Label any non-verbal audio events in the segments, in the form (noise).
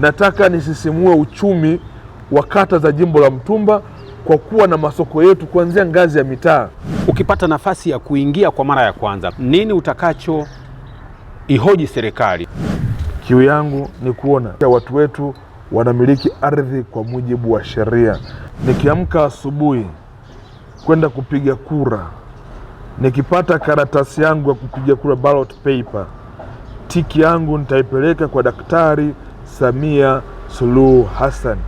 nataka nisisimue uchumi wa kata za jimbo la Mtumba kwa kuwa na masoko yetu kuanzia ngazi ya mitaa. Ukipata nafasi ya kuingia kwa mara ya kwanza, nini utakacho ihoji serikali? Kiu yangu ni kuona watu wetu wanamiliki ardhi kwa mujibu wa sheria. Nikiamka asubuhi kwenda kupiga kura, nikipata karatasi yangu ya kupiga kura ballot paper, tiki yangu nitaipeleka kwa daktari Samia Suluhu Hassan.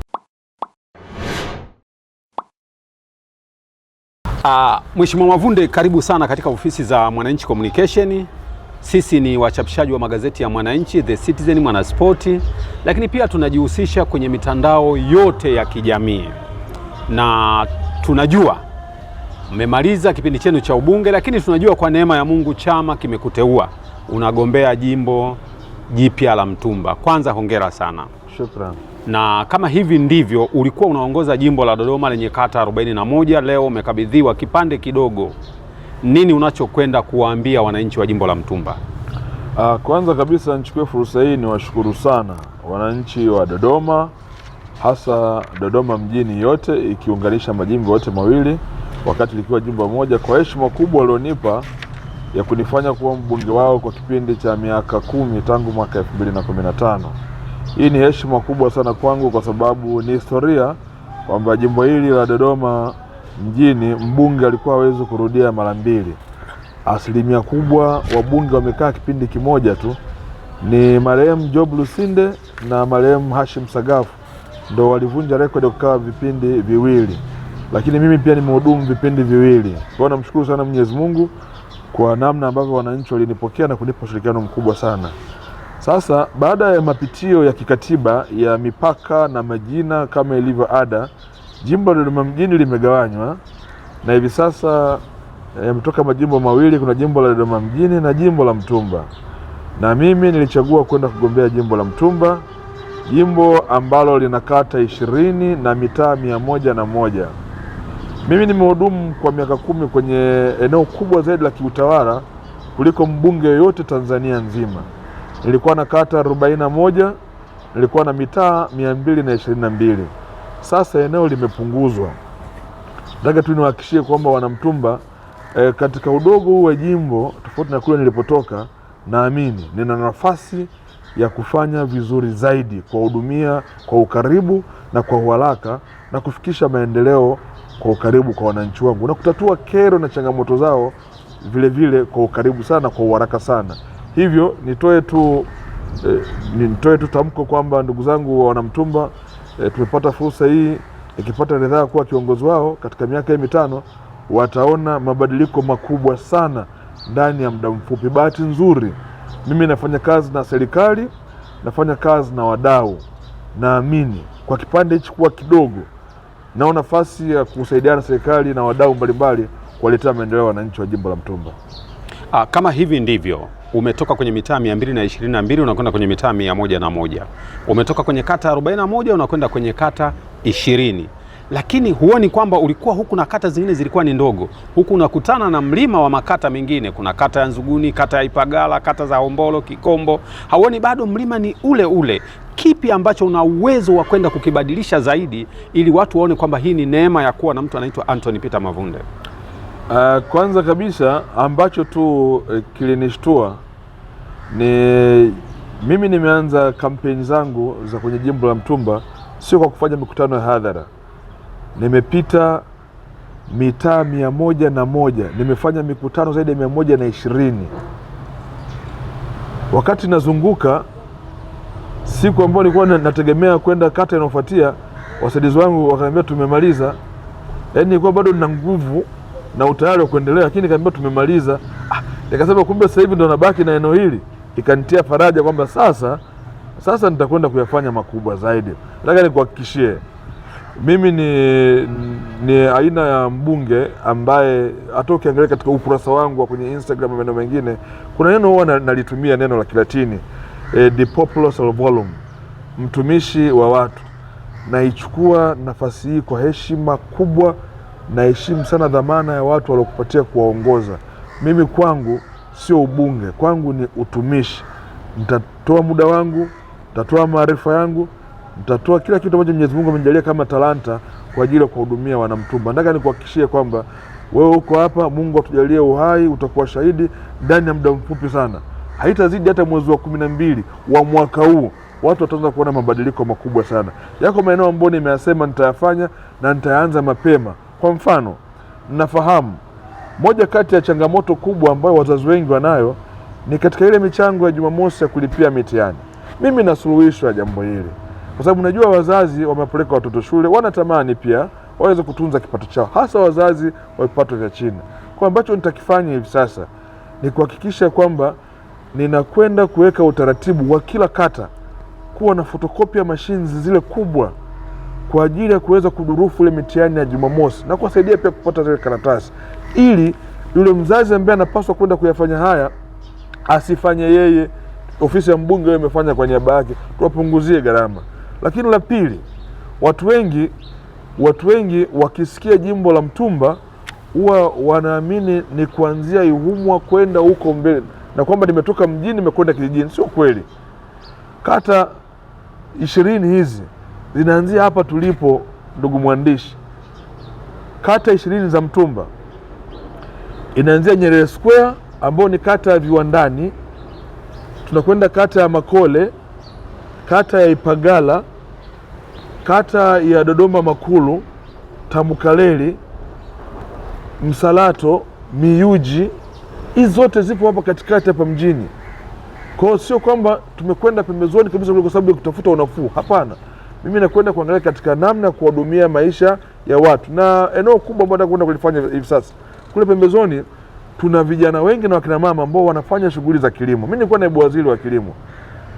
Uh, Mheshimiwa Mavunde, karibu sana katika ofisi za Mwananchi Communication. Sisi ni wachapishaji wa magazeti ya Mwananchi, The Citizen, Mwanaspoti, lakini pia tunajihusisha kwenye mitandao yote ya kijamii, na tunajua mmemaliza kipindi chenu cha ubunge, lakini tunajua kwa neema ya Mungu chama kimekuteua unagombea jimbo jipya la mtumba. Kwanza hongera sana. Shukrani. Na kama hivi ndivyo ulikuwa unaongoza jimbo la Dodoma lenye kata 41, leo umekabidhiwa kipande kidogo, nini unachokwenda kuwaambia wananchi wa jimbo la Mtumba? Ah, kwanza kabisa nichukue fursa hii niwashukuru sana wananchi wa Dodoma, hasa Dodoma mjini yote ikiunganisha majimbo yote mawili, wakati likiwa jimbo moja, kwa heshima kubwa walionipa ya kunifanya kuwa mbunge wao kwa kipindi cha miaka kumi tangu mwaka elfu mbili na kumi na tano. Hii ni heshima kubwa sana kwangu kwa sababu ni historia kwamba jimbo hili la Dodoma mjini mbunge alikuwa hawezi kurudia mara mbili. Asilimia kubwa wabunge wamekaa kipindi kimoja tu ni marehemu Job Lusinde na marehemu Hashim Sagafu ndo walivunja rekodi kukaa vipindi viwili, lakini mimi pia nimehudumu vipindi viwili. Kwa namshukuru sana Mwenyezi Mungu kwa namna ambavyo wananchi walinipokea na kunipa ushirikiano mkubwa sana. Sasa baada ya mapitio ya kikatiba ya mipaka na majina kama ilivyo ada, jimbo la Dodoma mjini limegawanywa na hivi sasa yametoka eh, majimbo mawili, kuna jimbo la Dodoma mjini na jimbo la Mtumba, na mimi nilichagua kwenda kugombea jimbo la Mtumba, jimbo ambalo lina kata ishirini na mitaa mia moja na moja. Mimi nimehudumu kwa miaka kumi kwenye eneo kubwa zaidi la kiutawala kuliko mbunge yoyote Tanzania nzima. Nilikuwa na kata moja, nilikuwa na mitaa mbili. Sasa eneo limepunguzwa. Nataka tu niwahakikishie kwamba Wanamtumba e, katika udogo huu wa jimbo tofauti na kule nilipotoka, naamini nina nafasi ya kufanya vizuri zaidi, kuwahudumia kwa ukaribu na kwa uharaka na kufikisha maendeleo kwa ukaribu kwa wananchi wangu na kutatua kero na changamoto zao vilevile vile kwa ukaribu sana, kwa uharaka sana. Hivyo nitoe tu eh, nitoe tu tamko kwamba ndugu zangu wa Wanamtumba eh, tumepata fursa hii, ikipata ridhaa kuwa kiongozi wao katika miaka hii mitano, wataona mabadiliko makubwa sana ndani ya muda mfupi. Bahati nzuri mimi nafanya kazi na serikali, nafanya kazi na wadau, naamini kwa kipande hichi kuwa kidogo nao nafasi ya kusaidiana serikali na wadau mbalimbali kuwaletea maendeleo wananchi wa jimbo la Mtumba. Ah, kama hivi ndivyo umetoka kwenye mitaa mia mbili na ishirini na mbili unakwenda kwenye mitaa mia moja na moja umetoka kwenye kata arobaini na moja unakwenda kwenye kata ishirini lakini huoni kwamba ulikuwa huku na kata zingine zilikuwa ni ndogo. Huku unakutana na mlima wa makata mengine, kuna kata ya Nzuguni, kata ya Ipagala, kata za Hombolo, Kikombo. Hauoni bado mlima ni ule ule? Kipi ambacho una uwezo wa kwenda kukibadilisha zaidi, ili watu waone kwamba hii ni neema ya kuwa na mtu anaitwa Anthony Peter Mavunde? Uh, kwanza kabisa ambacho tu uh, kilinishtua ni mimi nimeanza kampeni zangu za kwenye jimbo la Mtumba sio kwa kufanya mikutano ya hadhara nimepita mitaa mia moja na moja nimefanya mikutano zaidi ya mia moja na ishirini wakati nazunguka siku ambayo nilikuwa nategemea kwenda kata inayofuatia wasaidizi wangu wakaniambia tumemaliza yaani nilikuwa bado nina nguvu na utayari wa kuendelea lakini nikaambiwa tumemaliza ah, kumbe sasa hivi ndo nabaki na eneo hili ikanitia faraja kwamba sasa sasa nitakwenda kuyafanya makubwa zaidi nataka nikuhakikishie mimi ni, ni aina ya mbunge ambaye hata ukiangalia katika ukurasa wangu wa kwenye Instagram na maeneo mengine, kuna neno huwa nalitumia neno la Kilatini e, de populo servum, mtumishi wa watu. Naichukua nafasi hii kwa heshima kubwa, naheshimu sana dhamana ya watu waliokupatia kuwaongoza. Mimi kwangu sio ubunge, kwangu ni utumishi. Nitatoa muda wangu, nitatoa maarifa yangu mtatoa kila kitu ambacho Mwenyezi Mungu amejalia kama talanta kwa ajili ya kuwahudumia Wanamtumba. Nataka nikuhakikishie kwamba wewe uko hapa, Mungu atujalie uhai, utakuwa shahidi ndani ya muda mfupi sana, haitazidi hata mwezi wa kumi na mbili wa mwaka huu watu wataanza kuona mabadiliko makubwa sana. Yako maeneo ambayo nimeyasema nitayafanya na nitayaanza mapema. Kwa mfano, nafahamu moja kati ya changamoto kubwa ambayo wazazi wengi wanayo ni katika ile michango ya Jumamosi ya kulipia mitihani. Mimi nasuluhishwa jambo hili kwa sababu najua wazazi wamepeleka watoto shule, wanatamani pia waweze kutunza kipato chao, hasa wazazi wa vipato vya chini. Kwa ambacho nitakifanya hivi sasa ni kuhakikisha kwamba ninakwenda kuweka utaratibu wa kila kata kuwa na fotokopia ya mashine zile kubwa kwa ajili ya kuweza kudurufu ile mitihani ya Jumamosi na kuwasaidia pia kupata zile karatasi, ili yule mzazi ambaye anapaswa kwenda kuyafanya haya asifanye yeye, ofisi ya mbunge imefanya kwa niaba yake, tuwapunguzie gharama. Lakini la pili, watu wengi watu wengi wakisikia jimbo la mtumba huwa wanaamini ni kuanzia Ihumwa kwenda huko mbele, na kwamba nimetoka mjini nimekwenda kijijini. Sio kweli. Kata ishirini hizi zinaanzia hapa tulipo, ndugu mwandishi. Kata ishirini za Mtumba inaanzia Nyerere Square ambayo ni kata ya viwandani, tunakwenda kata ya Makole, kata ya Ipagala kata ya Dodoma Makulu, Tamukaleli, Msalato, Miyuji, hizi zote zipo hapa katikati hapa mjini. Kwa hiyo sio kwamba tumekwenda pembezoni kabisa kwa sababu ya kutafuta unafuu, hapana. Mimi nakwenda kuangalia katika namna ya kuwahudumia maisha ya watu, na eneo kubwa ambao nataka kwenda kulifanya hivi sasa kule pembezoni, tuna vijana wengi na wakina mama ambao wanafanya shughuli za kilimo. Mimi nilikuwa naibu waziri wa kilimo,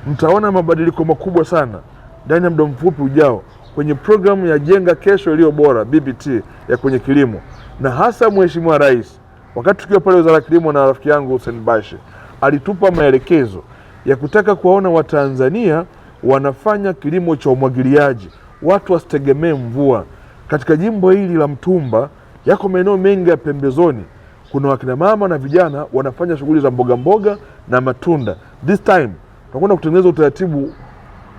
mtaona mabadiliko makubwa sana ndani ya muda mfupi ujao kwenye programu ya Jenga Kesho Iliyo Bora BBT ya kwenye kilimo, na hasa Mheshimiwa Rais, wakati tukiwa pale Wizara ya Kilimo na rafiki yangu Hussein Bashe alitupa maelekezo ya kutaka kuwaona Watanzania wanafanya kilimo cha umwagiliaji, watu wasitegemee mvua. Katika jimbo hili la Mtumba yako maeneo mengi ya pembezoni, kuna wakinamama na vijana wanafanya shughuli za mbogamboga mboga na matunda. This time tunakwenda kutengeneza utaratibu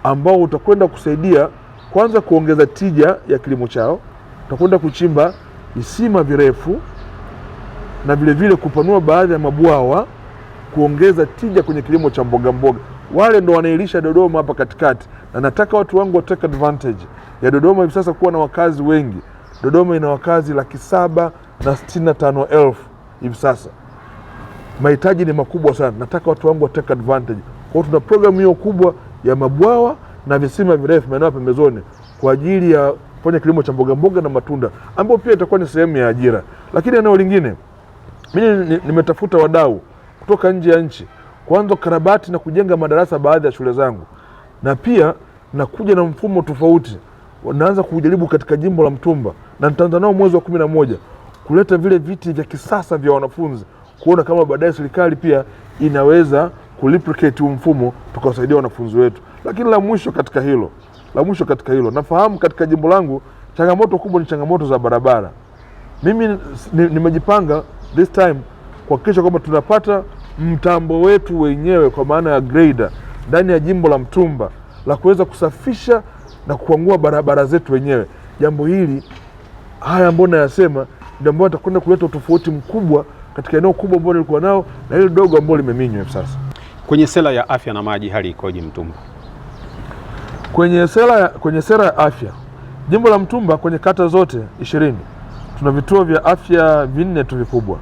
ambao utakwenda kusaidia kwanza kuongeza tija ya kilimo chao, tutakwenda kuchimba visima virefu na vilevile kupanua baadhi ya mabwawa kuongeza tija kwenye kilimo cha mboga mboga. Wale ndo wanailisha Dodoma hapa katikati, na nataka watu wangu take advantage ya Dodoma hivi sasa kuwa na wakazi wengi. Dodoma ina wakazi laki saba na sitini na tano elfu hivi sasa, mahitaji ni makubwa sana. Nataka watu wangu take advantage kwao. Tuna programu hiyo kubwa ya mabwawa na visima virefu maeneo ya pembezoni kwa ajili ya kufanya kilimo cha mboga mboga na matunda ambayo pia itakuwa ni sehemu ya ajira. Lakini eneo lingine, mimi nimetafuta wadau kutoka nje ya nchi kuanza karabati na kujenga madarasa baadhi ya shule zangu, na pia nakuja na mfumo tofauti, naanza kujaribu katika jimbo la Mtumba na nitaanza nao mwezi wa kumi na moja kuleta vile viti vya kisasa vya wanafunzi kuona kama baadaye serikali pia inaweza kureplicate huu mfumo tukawasaidia wanafunzi wetu. Lakini la mwisho katika hilo la mwisho katika hilo, nafahamu katika jimbo langu changamoto kubwa ni changamoto za barabara. Mimi nimejipanga this time kuhakikisha kwamba tunapata mtambo wetu wenyewe kwa maana ya grader ndani ya jimbo la Mtumba la kuweza kusafisha na kukwangua barabara zetu wenyewe. Jambo hili haya ambayo nayasema ndio ambayo atakwenda kuleta utofauti mkubwa katika eneo kubwa ambalo nilikuwa nao na ile dogo ambalo limeminywa hivi sasa. Kwenye sera ya afya na maji hali ikoje Mtumba? Kwenye sera, kwenye sera ya afya jimbo la Mtumba kwenye kata zote ishirini tuna vituo vya afya vinne tu vikubwa.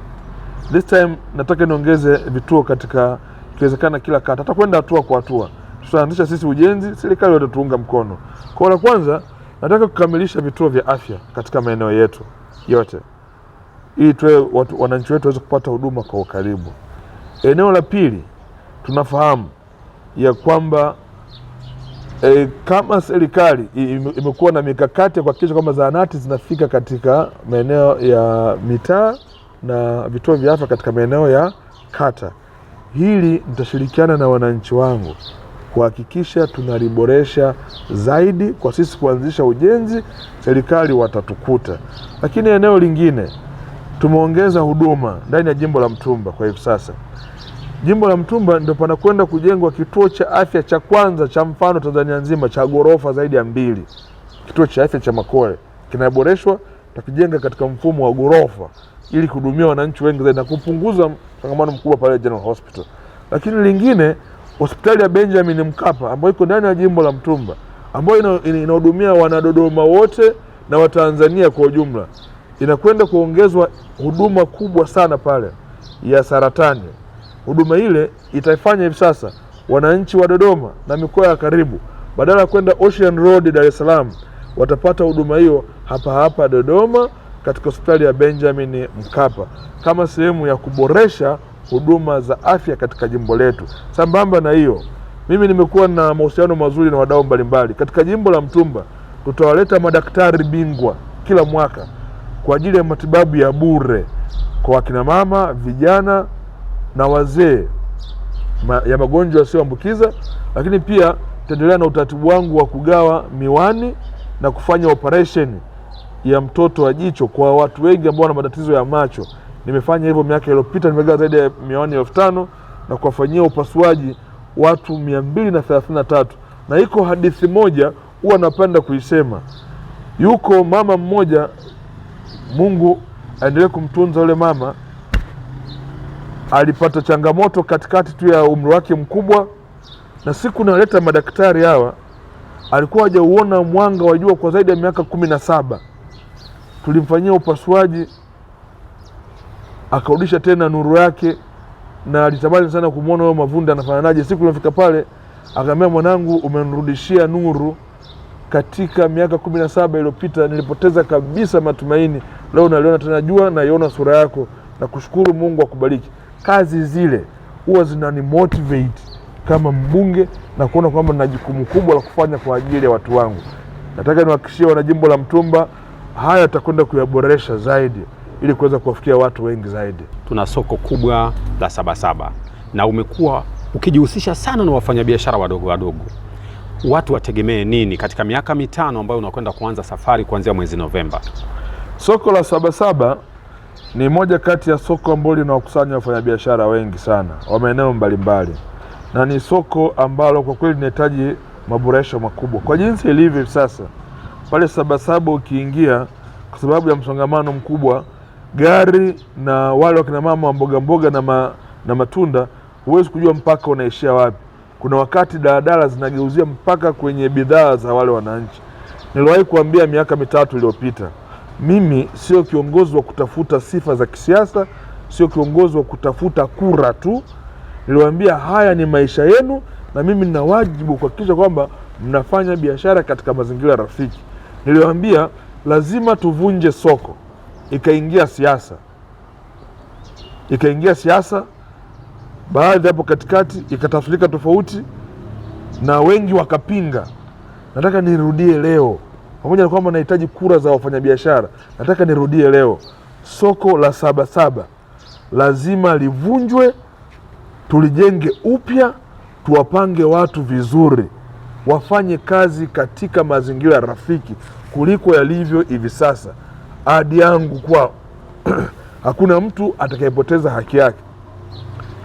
This time nataka niongeze vituo katika ikiwezekana kila kata, tutakwenda hatua kwa hatua, tutaanzisha sisi ujenzi, serikali watatuunga mkono. Kwa la kwanza nataka kukamilisha vituo vya afya katika maeneo yetu yote ili wananchi wetu waweze kupata huduma kwa ukaribu. Eneo la pili, tunafahamu ya kwamba e, kama serikali imekuwa na mikakati ya kuhakikisha kwamba zahanati zinafika katika maeneo ya mitaa na vituo vya afya katika maeneo ya kata. Hili nitashirikiana na wananchi wangu kuhakikisha tunaliboresha zaidi. Kwa sisi kuanzisha ujenzi, serikali watatukuta. Lakini eneo lingine tumeongeza huduma ndani ya jimbo la Mtumba. Kwa hivi sasa jimbo la Mtumba ndio panakwenda kujengwa kituo cha afya cha kwanza cha mfano Tanzania nzima cha ghorofa zaidi ya mbili. Kituo cha afya cha Makole kinaboreshwa, tutakijenga katika mfumo wa ghorofa ili kuhudumia wananchi wengi zaidi na kupunguza changamano mkubwa pale General Hospital. Lakini lingine hospitali ya Benjamin Mkapa ambayo iko ndani ya jimbo la Mtumba ambayo inahudumia wanadodoma wote na Watanzania kwa ujumla inakwenda kuongezwa huduma kubwa sana pale ya saratani. Huduma ile itaifanya hivi sasa wananchi wa Dodoma na mikoa ya karibu, badala ya kwenda Ocean Road Dar es Salaam, watapata huduma hiyo hapa hapa Dodoma katika hospitali ya Benjamin Mkapa kama sehemu ya kuboresha huduma za afya katika jimbo letu. Sambamba na hiyo, mimi nimekuwa na mahusiano mazuri na wadau mbalimbali katika jimbo la Mtumba. Tutawaleta madaktari bingwa kila mwaka kwa ajili ya matibabu ya bure kwa wakinamama, vijana na wazee ma, ya magonjwa yasiyoambukiza, lakini pia taendelea na utaratibu wangu wa kugawa miwani na kufanya operesheni ya mtoto wa jicho kwa watu wengi ambao wana matatizo ya macho. Nimefanya hivyo miaka iliyopita, nimegawa zaidi ya miwani elfu tano na kuwafanyia upasuaji watu mia mbili na thelathini na tatu. Na iko hadithi moja huwa napenda kuisema. Yuko mama mmoja Mungu aendelee kumtunza yule mama. Alipata changamoto katikati tu ya umri wake mkubwa, na siku naleta madaktari hawa alikuwa hajauona mwanga wa jua kwa zaidi ya miaka kumi na saba. Tulimfanyia upasuaji akarudisha tena nuru yake, na alitamani sana kumwona huyo Mavunde anafananaje. Siku nilifika pale, akaambia mwanangu, umenirudishia nuru katika miaka kumi na saba iliyopita nilipoteza kabisa matumaini, leo naliona tena jua, naiona sura yako na kushukuru Mungu akubariki. Kazi zile huwa zinanimotivate kama mbunge na kuona kwamba nina jukumu kubwa la kufanya kwa ajili ya watu wangu. Nataka niwahakikishie jimbo la Mtumba, haya atakwenda kuyaboresha zaidi ili kuweza kuwafikia watu wengi zaidi. Tuna soko kubwa la Sabasaba na umekuwa ukijihusisha sana na wafanyabiashara wadogo wadogo watu wategemee nini katika miaka mitano ambayo unakwenda kuanza safari kuanzia mwezi Novemba? Soko la Sabasaba ni moja kati ya soko ambalo linawakusanya wafanyabiashara wengi sana wa maeneo mbalimbali, na ni soko ambalo kwa kweli linahitaji maboresho makubwa kwa jinsi ilivyo sasa. Pale Sabasaba ukiingia, kwa sababu ya msongamano mkubwa, gari na wale wakinamama wa mbogamboga na, ma, na matunda, huwezi kujua mpaka unaishia wapi kuna wakati daladala zinageuzia mpaka kwenye bidhaa za wale wananchi. Niliwahi kuambia miaka mitatu iliyopita, mimi sio kiongozi wa kutafuta sifa za kisiasa, sio kiongozi wa kutafuta kura tu. Niliwaambia haya ni maisha yenu, na mimi nina wajibu kuhakikisha kwamba mnafanya biashara katika mazingira rafiki. Niliwaambia lazima tuvunje soko, ikaingia siasa, ikaingia siasa baadhi hapo katikati ikatafsirika tofauti na wengi wakapinga. Nataka nirudie leo, pamoja na kwamba nahitaji kura za wafanyabiashara, nataka nirudie leo, soko la Sabasaba lazima livunjwe, tulijenge upya, tuwapange watu vizuri, wafanye kazi katika mazingira rafiki kuliko yalivyo hivi sasa. Ahadi yangu kwa (clears throat) hakuna mtu atakayepoteza haki yake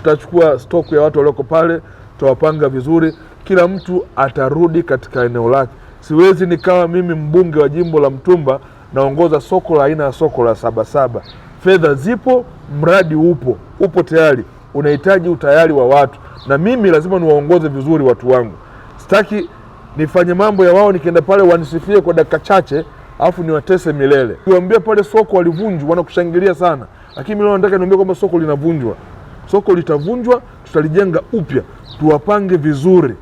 tutachukua stock ya watu walioko pale, tutawapanga vizuri, kila mtu atarudi katika eneo lake. Siwezi nikawa mimi mbunge wa jimbo la Mtumba naongoza soko la aina ya soko la Sabasaba. Fedha zipo, mradi upo, upo tayari, unahitaji utayari wa watu, na mimi lazima niwaongoze vizuri watu wangu. Sitaki nifanye mambo ya wao, nikienda pale wanisifie kwa dakika chache alafu niwatese milele. Niwaambia pale soko walivunjwa, wanakushangilia sana, lakini mimi leo nataka niambie kwamba soko linavunjwa. Soko litavunjwa, tutalijenga upya, tuwapange vizuri.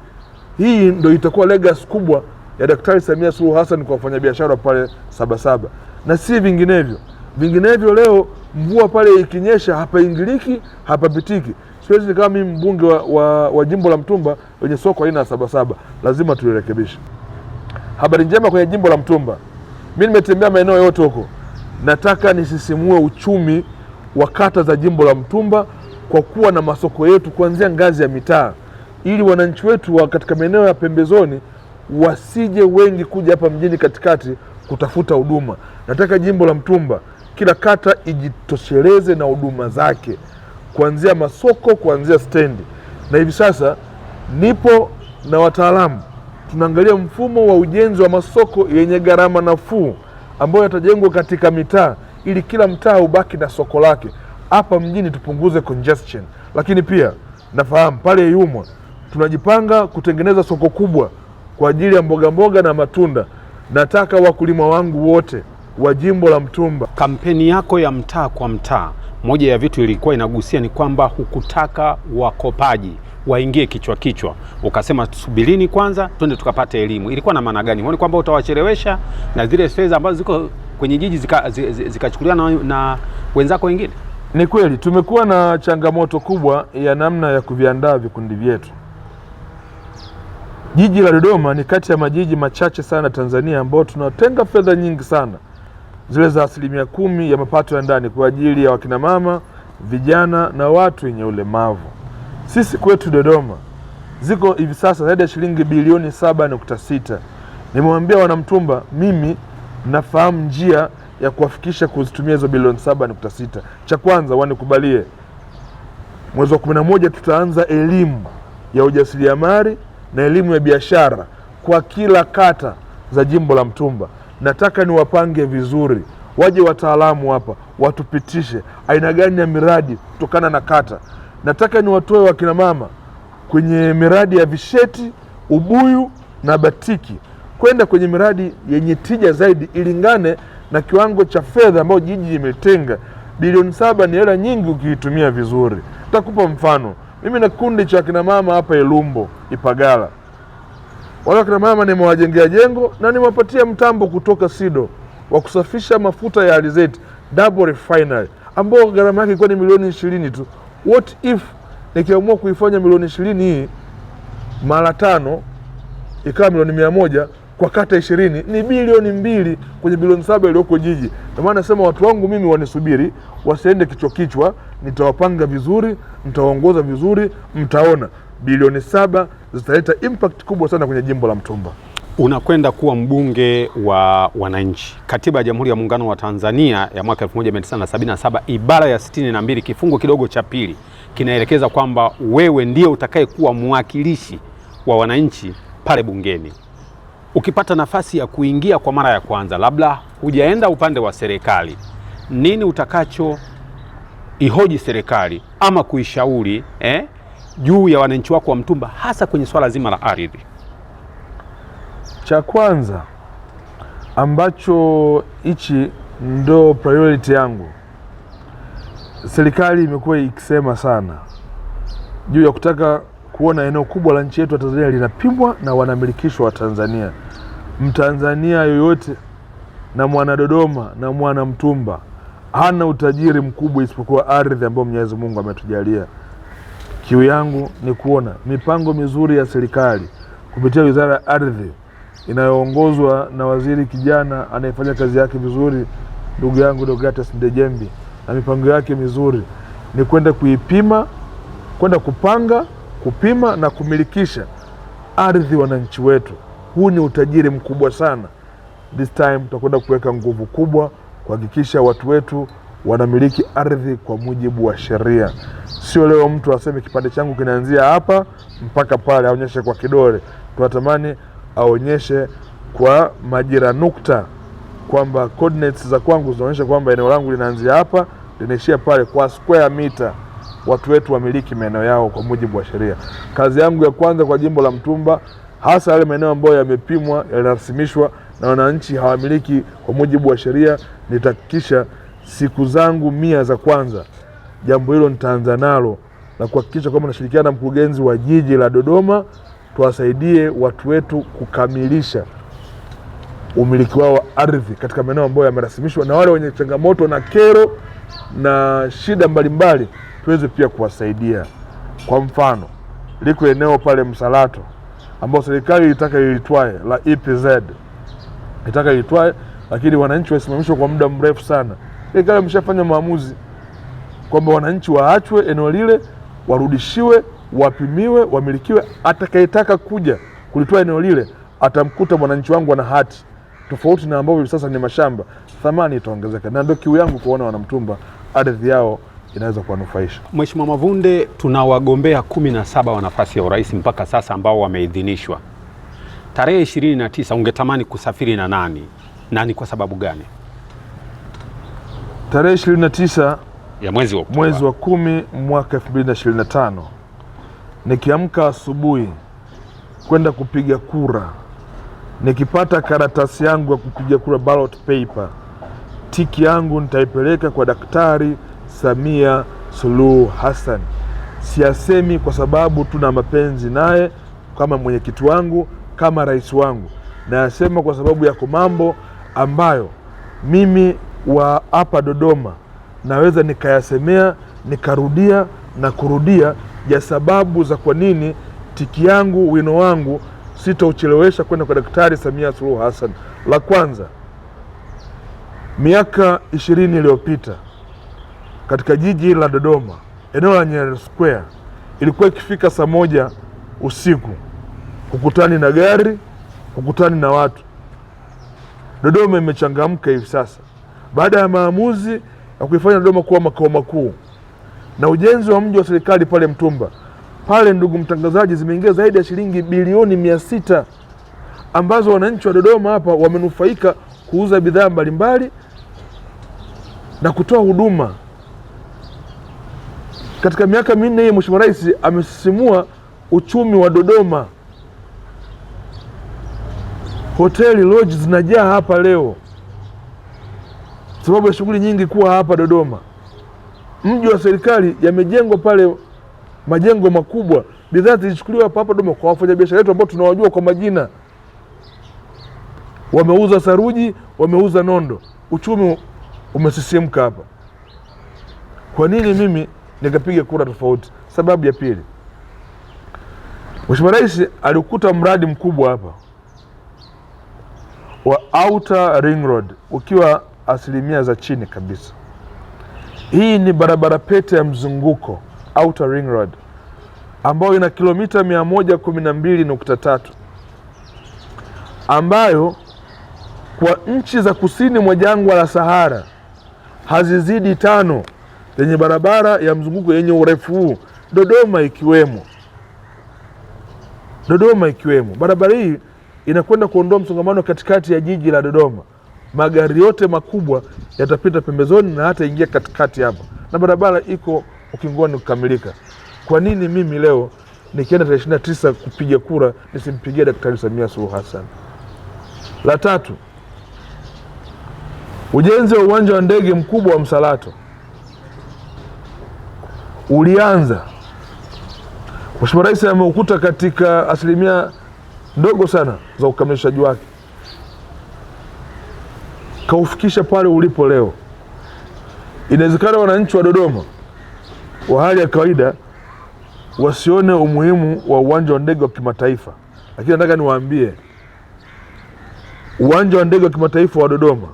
Hii ndo itakuwa legacy kubwa ya Daktari Samia Suluhu Hassan kwa wafanyabiashara pale Sabasaba na si vinginevyo. Vinginevyo leo mvua pale ikinyesha hapaingiliki, hapapitiki. Siwezi nikawa mimi mbunge wa, wa, wa jimbo la Mtumba wenye soko aina ya Sabasaba, lazima tulirekebishe. Habari njema kwenye jimbo la Mtumba, mi nimetembea maeneo yote huko, nataka nisisimue uchumi wa kata za jimbo la Mtumba kwa kuwa na masoko yetu kuanzia ngazi ya mitaa, ili wananchi wetu wa katika maeneo ya pembezoni wasije wengi kuja hapa mjini katikati kutafuta huduma. Nataka jimbo la Mtumba kila kata ijitosheleze na huduma zake, kuanzia masoko, kuanzia stendi. Na hivi sasa nipo na wataalamu, tunaangalia mfumo wa ujenzi wa masoko yenye gharama nafuu ambayo yatajengwa katika mitaa, ili kila mtaa ubaki na soko lake hapa mjini tupunguze congestion, lakini pia nafahamu pale Yumwa tunajipanga kutengeneza soko kubwa kwa ajili ya mboga mboga na matunda. Nataka wakulima wangu wote wa jimbo la Mtumba. Kampeni yako ya mtaa kwa mtaa, moja ya vitu ilikuwa inagusia ni kwamba hukutaka wakopaji waingie kichwa kichwa, ukasema subirini kwanza twende tukapate elimu. Ilikuwa na maana gani? Huoni kwamba utawachelewesha na zile fedha ambazo ziko kwenye jiji zikachukuliwa zika na, na wenzako wengine? Ni kweli tumekuwa na changamoto kubwa ya namna ya kuviandaa vikundi vyetu. Jiji la Dodoma ni kati ya majiji machache sana Tanzania ambao tunatenga fedha nyingi sana zile za asilimia kumi ya mapato ya ndani kwa ajili ya wakinamama, vijana na watu wenye ulemavu. Sisi kwetu Dodoma ziko hivi sasa zaidi ya shilingi bilioni saba nukta sita. Nimewambia Wanamtumba, mimi nafahamu njia ya kuwafikisha kuzitumia hizo bilioni 7.6. Cha kwanza wanikubalie, mwezi wa 11 tutaanza elimu ya ujasiriamali na elimu ya biashara kwa kila kata za jimbo la Mtumba. Nataka niwapange vizuri, waje wataalamu hapa watupitishe aina gani ya miradi kutokana na kata. Nataka niwatoe wakinamama kwenye miradi ya visheti, ubuyu na batiki kwenda kwenye miradi yenye tija zaidi ilingane na kiwango cha fedha ambayo jiji imetenga bilioni saba ni hela nyingi ukiitumia vizuri. Takupa mfano, mimi na kikundi cha mama hapa Ilumbo Ipagala, wale wakinamama nimewajengea jengo na nimewapatia mtambo kutoka SIDO wa kusafisha mafuta ya alizeti double refinery ambao gharama yake ilikuwa ni milioni ishirini tu. What if nikiamua kuifanya milioni ishirini hii mara tano ikawa milioni mia moja kwa kata ishirini ni bilioni mbili kwenye bilioni saba iliyoko jiji. Ndio maana nasema watu wangu mimi wanisubiri, wasiende kichwa kichwa, nitawapanga vizuri, nitawaongoza vizuri, mtaona bilioni saba zitaleta impact kubwa sana kwenye jimbo la Mtumba. Unakwenda kuwa mbunge wa wananchi. Katiba ya Jamhuri ya Muungano wa Tanzania ya mwaka 1977 ibara ya mbili kifungu kidogo cha pili kinaelekeza kwamba wewe ndiye utakayekuwa mwakilishi wa wananchi pale bungeni ukipata nafasi ya kuingia kwa mara ya kwanza, labda hujaenda upande wa serikali, nini utakacho ihoji serikali ama kuishauri eh, juu ya wananchi wako wa Mtumba, hasa kwenye swala zima la ardhi? Cha kwanza ambacho hichi ndo priority yangu, serikali imekuwa ikisema sana juu ya kutaka kuona eneo kubwa la nchi yetu ya Tanzania linapimwa na wanamilikisho wa Tanzania. Mtanzania yoyote na mwana Dodoma na mwana Mtumba hana utajiri mkubwa isipokuwa ardhi ambayo Mwenyezi Mungu ametujalia. Kiu yangu ni kuona mipango mizuri ya serikali kupitia Wizara ya Ardhi inayoongozwa na waziri kijana anayefanya kazi yake vizuri, ndugu yangu Deogratias Ndejembi, na mipango yake mizuri ni kwenda kuipima, kwenda kupanga kupima na kumilikisha ardhi wananchi wetu. Huu ni utajiri mkubwa sana. This time tutakwenda kuweka nguvu kubwa kuhakikisha watu wetu wanamiliki ardhi kwa mujibu wa sheria. Sio leo mtu aseme kipande changu kinaanzia hapa mpaka pale, aonyeshe kwa kidole. Tunatamani aonyeshe kwa majira nukta, kwamba coordinates za kwangu zinaonyesha kwamba eneo langu linaanzia hapa linaishia pale, kwa square mita watu wetu wamiliki maeneo yao kwa mujibu wa sheria. Kazi yangu ya kwanza kwa jimbo la Mtumba, hasa yale maeneo ambayo yamepimwa, yanarasimishwa na wananchi hawamiliki kwa mujibu wa sheria, nitahakikisha siku zangu mia za kwanza jambo hilo nitaanza nalo na kuhakikisha kwamba nashirikiana na mkurugenzi wa jiji la Dodoma tuwasaidie watu wetu kukamilisha umiliki wao wa ardhi katika maeneo ambayo yamerasimishwa, na wale wenye changamoto na kero na shida mbalimbali mbali tuweze pia kuwasaidia. Kwa mfano, liko eneo pale Msalato ambao serikali ilitaka ilitwae la EPZ ilitaka ilitwae, lakini wananchi wasimamishwa kwa muda mrefu sana. Serikali ameshafanya maamuzi kwamba wananchi waachwe eneo lile, warudishiwe, wapimiwe, wamilikiwe. Atakayetaka kuja kulitoa eneo lile atamkuta mwananchi wangu ana hati tofauti na ambavyo hivi sasa ni mashamba, thamani itaongezeka. Na ndio kiu yangu kuona wanamtumba ardhi yao inaweza kuwanufaisha. Mheshimiwa Mavunde, tuna wagombea kumi na saba wa nafasi ya urais mpaka sasa ambao wameidhinishwa. Tarehe ishirini na tisa ungetamani kusafiri na nani na ni kwa sababu gani? Tarehe ishirini na tisa ya mwezi wa, mwezi wa kumi mwaka 2025 nikiamka asubuhi kwenda kupiga kura, nikipata karatasi yangu ya kupiga kura ballot paper, tiki yangu nitaipeleka kwa daktari Samia Suluhu Hassan. Siyasemi kwa sababu tuna mapenzi naye kama mwenyekiti wangu, kama rais wangu, nayasema kwa sababu yako mambo ambayo mimi wa hapa Dodoma naweza nikayasemea nikarudia na kurudia ya sababu za kwa nini tiki yangu wino wangu sitauchelewesha kwenda kwa Daktari Samia Suluhu Hassan. La kwanza, miaka ishirini iliyopita katika jiji la Dodoma, eneo la Nyerere Square, ilikuwa ikifika saa moja usiku hukutani na gari, hukutani na watu. Dodoma imechangamka hivi sasa baada ya maamuzi ya kuifanya Dodoma kuwa makao makuu na ujenzi wa mji wa serikali pale Mtumba. Pale ndugu mtangazaji, zimeingia zaidi ya shilingi bilioni mia sita ambazo wananchi wa Dodoma hapa wamenufaika kuuza bidhaa mbalimbali na kutoa huduma katika miaka minne hii Mheshimiwa Rais amesisimua uchumi wa Dodoma. Hoteli lodge zinajaa hapa leo, sababu ya shughuli nyingi kuwa hapa Dodoma. Mji wa serikali yamejengwa pale majengo makubwa, bidhaa zilichukuliwa hapa hapa Dodoma kwa wafanyabiashara wetu ambao tunawajua kwa majina, wameuza saruji, wameuza nondo, uchumi umesisimka hapa. Kwa nini mimi nikapiga kura tofauti. Sababu ya pili, Mheshimiwa Rais alikuta mradi mkubwa hapa wa outer ring road ukiwa asilimia za chini kabisa. Hii ni barabara pete ya mzunguko outer ring road ambayo ina kilomita 112.3 ambayo kwa nchi za kusini mwa jangwa la Sahara hazizidi tano lenye barabara ya mzunguko yenye urefu huu, Dodoma ikiwemo. Dodoma ikiwemo. Barabara hii inakwenda kuondoa msongamano katikati ya jiji la Dodoma. Magari yote makubwa yatapita pembezoni na hata ingia katikati hapa, na barabara iko ukingoni kukamilika. Kwa nini mimi leo nikienda tarehe ishirini na tisa kupiga kura nisimpigie Daktari Samia Suluhu Hassan? La tatu, ujenzi wa uwanja wa ndege mkubwa wa Msalato ulianza. Mheshimiwa Rais ameukuta katika asilimia ndogo sana za ukamilishaji wake, kaufikisha pale ulipo leo. Inawezekana wananchi wa Dodoma wa hali ya kawaida wasione umuhimu wa uwanja wa ndege wa kimataifa, lakini nataka niwaambie uwanja wa ndege wa kimataifa wa Dodoma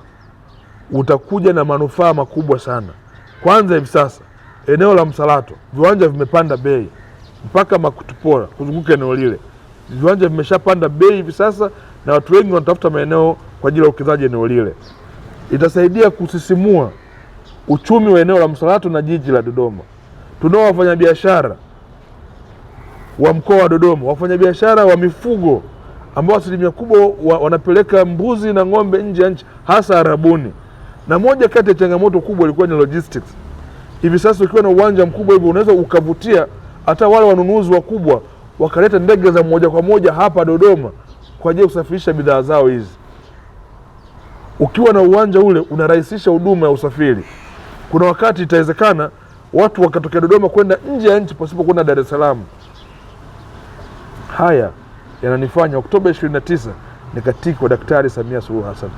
utakuja na manufaa makubwa sana. Kwanza hivi sasa eneo la Msalato viwanja vimepanda bei mpaka Makutupora kuzunguka eneo lile, viwanja vimeshapanda bei hivi sasa, na watu wengi wanatafuta maeneo kwa ajili ya uwekezaji eneo lile. Itasaidia kusisimua uchumi wa eneo la Msalato na jiji la Dodoma. Tunao wafanyabiashara wa mkoa wa Dodoma, wafanyabiashara wa mifugo ambao asilimia kubwa wanapeleka mbuzi na ng'ombe nje ya nchi, hasa Arabuni, na moja kati ya changamoto kubwa ilikuwa ni logistics. Hivi sasa ukiwa na uwanja mkubwa hivyo unaweza ukavutia hata wale wanunuzi wakubwa wakaleta ndege za moja kwa moja hapa Dodoma kwa ajili ya kusafirisha bidhaa zao hizi. Ukiwa na uwanja ule unarahisisha huduma ya usafiri. Kuna wakati itawezekana watu wakatokea Dodoma kwenda nje ya nchi pasipo kwenda Dar es Salaam. Haya yananifanya Oktoba 29 nikatikwa Daktari Samia Suluhu Hassan.